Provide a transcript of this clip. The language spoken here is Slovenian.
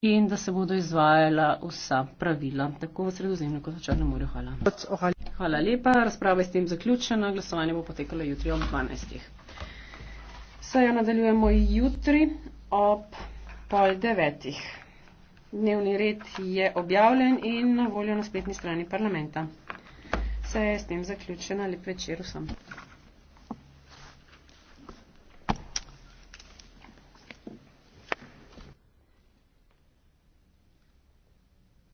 in da se bodo izvajala vsa pravila, tako v sredozemlju kot v Črnem morju. Hvala. Hvala lepa. Razprava je s tem zaključena. Glasovanje bo potekalo jutri ob 12. Sejo nadaljujemo jutri ob pol devetih. Dnevni red je objavljen in na voljo na spletni strani parlamenta. Sej je s tem zaključena. Lep večer vsem.